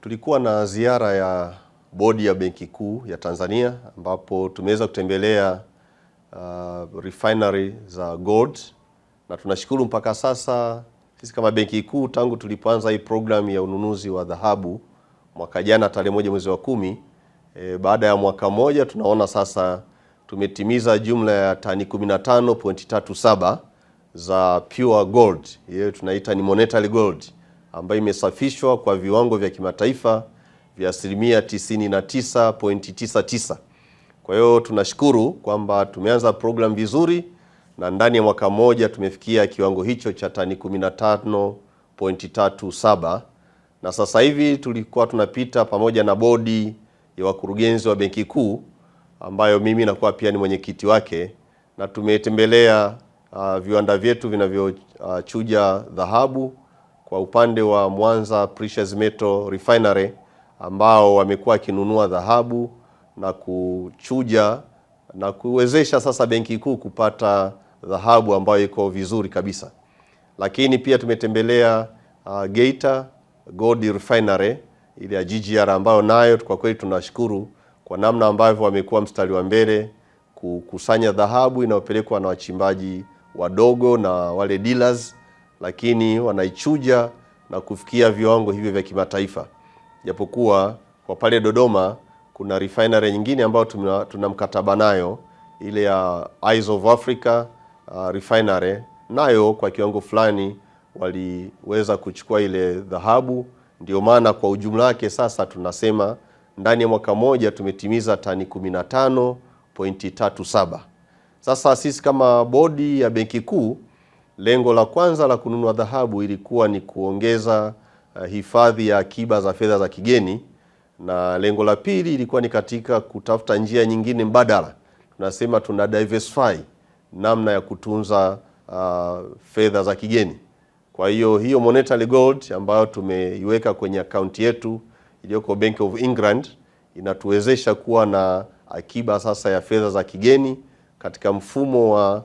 Tulikuwa na ziara ya bodi ya Benki Kuu ya Tanzania ambapo tumeweza kutembelea uh, refinery za gold na tunashukuru mpaka sasa sisi kama Benki Kuu tangu tulipoanza hii programu ya ununuzi wa dhahabu mwaka jana tarehe moja mwezi wa kumi e, baada ya mwaka mmoja tunaona sasa tumetimiza jumla ya tani 15.37 za pure gold, hiyo tunaita ni monetary gold ambayo imesafishwa kwa viwango vya kimataifa vya asilimia 99.99. Kwa hiyo tunashukuru kwamba tumeanza program vizuri na ndani ya mwaka mmoja tumefikia kiwango hicho cha tani 15.37, na sasa hivi tulikuwa tunapita pamoja na bodi ya wakurugenzi wa Benki Kuu ambayo mimi nakuwa pia ni mwenyekiti wake, na tumetembelea uh, viwanda vyetu vinavyochuja uh, dhahabu kwa upande wa Mwanza Precious Metal Refinery ambao wamekuwa wakinunua dhahabu na kuchuja na kuwezesha sasa Benki Kuu kupata dhahabu ambayo iko vizuri kabisa. Lakini pia tumetembelea uh, Geita Gold Refinery ile ya GGR ambayo nayo kwa kweli tunashukuru kwa namna ambavyo wamekuwa mstari wa mbele kukusanya dhahabu inayopelekwa na wachimbaji wadogo na wale dealers lakini wanaichuja na kufikia viwango hivyo vya kimataifa, japokuwa kwa pale Dodoma kuna refinery nyingine ambayo tuna, tuna mkataba nayo ile ya Eyes of Africa uh, refinery nayo kwa kiwango fulani waliweza kuchukua ile dhahabu. Ndio maana kwa ujumla wake sasa tunasema ndani ya mwaka mmoja tumetimiza tani 15.37. Sasa sisi kama bodi ya Benki Kuu Lengo la kwanza la kununua dhahabu ilikuwa ni kuongeza uh, hifadhi ya akiba za fedha za kigeni, na lengo la pili ilikuwa ni katika kutafuta njia nyingine mbadala. Tunasema tuna diversify namna ya kutunza uh, fedha za kigeni. Kwa hiyo hiyo monetary gold ambayo tumeiweka kwenye akaunti yetu iliyoko Bank of England inatuwezesha kuwa na akiba sasa ya fedha za kigeni katika mfumo wa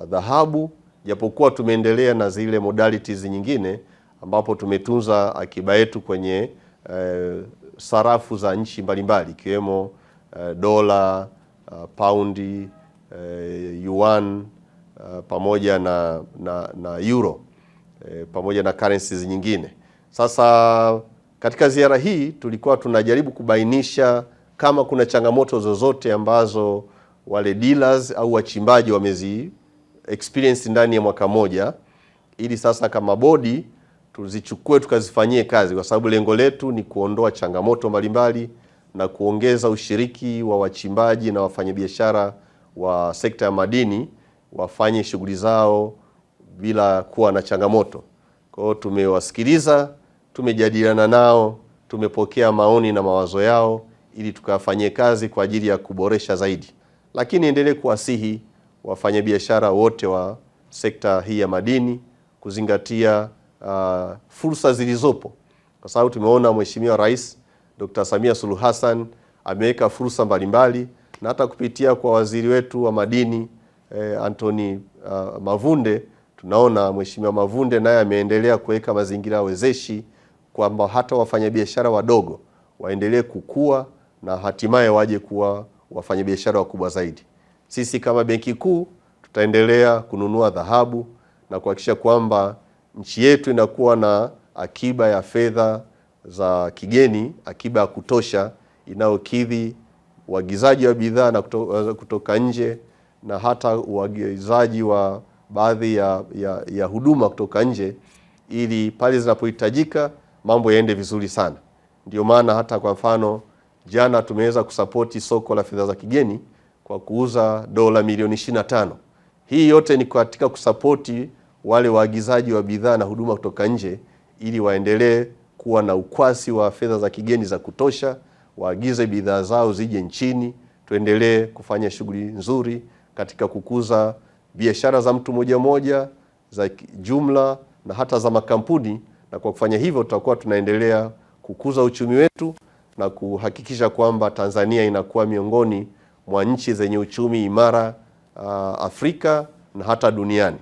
ah, dhahabu japokuwa tumeendelea na zile modalities nyingine ambapo tumetunza akiba yetu kwenye eh, sarafu za nchi mbalimbali ikiwemo eh, dola uh, eh, paundi eh, yuan uh, pamoja na, na, na euro eh, pamoja na currencies nyingine. Sasa katika ziara hii tulikuwa tunajaribu kubainisha kama kuna changamoto zozote ambazo wale dealers au wachimbaji wamezi experience ndani ya mwaka moja, ili sasa kama bodi tuzichukue tukazifanyie kazi, kwa sababu lengo letu ni kuondoa changamoto mbalimbali na kuongeza ushiriki wa wachimbaji na wafanyabiashara wa sekta ya madini wafanye shughuli zao bila kuwa na changamoto. Kwa hiyo tumewasikiliza, tumejadiliana nao, tumepokea maoni na mawazo yao ili tukafanyie kazi kwa ajili ya kuboresha zaidi, lakini endelee kuwasihi wafanyabiashara wote wa sekta hii ya madini kuzingatia uh, fursa zilizopo, kwa sababu tumeona Mheshimiwa Rais Dr. Samia Suluhu Hassan ameweka fursa mbalimbali na hata kupitia kwa waziri wetu wa madini eh, Anthony uh, Mavunde tunaona Mheshimiwa Mavunde naye ameendelea kuweka mazingira wezeshi kwamba hata wafanyabiashara wadogo waendelee kukua na hatimaye waje kuwa wafanyabiashara wakubwa zaidi. Sisi kama Benki Kuu tutaendelea kununua dhahabu na kuhakikisha kwamba nchi yetu inakuwa na akiba ya fedha za kigeni, akiba ya kutosha inayokidhi uagizaji wa bidhaa na kutoka, eh, kutoka nje na hata uagizaji wa baadhi ya, ya, ya huduma kutoka nje ili pale zinapohitajika mambo yaende vizuri sana. Ndio maana hata kwa mfano jana tumeweza kusapoti soko la fedha za kigeni kwa kuuza dola milioni 25. Hii yote ni katika kusapoti wale waagizaji wa bidhaa na huduma kutoka nje ili waendelee kuwa na ukwasi wa fedha za kigeni za kutosha, waagize bidhaa zao zije nchini, tuendelee kufanya shughuli nzuri katika kukuza biashara za mtu moja moja za jumla na hata za makampuni, na kwa kufanya hivyo tutakuwa tunaendelea kukuza uchumi wetu na kuhakikisha kwamba Tanzania inakuwa miongoni mwa nchi zenye uchumi imara uh, Afrika na hata duniani.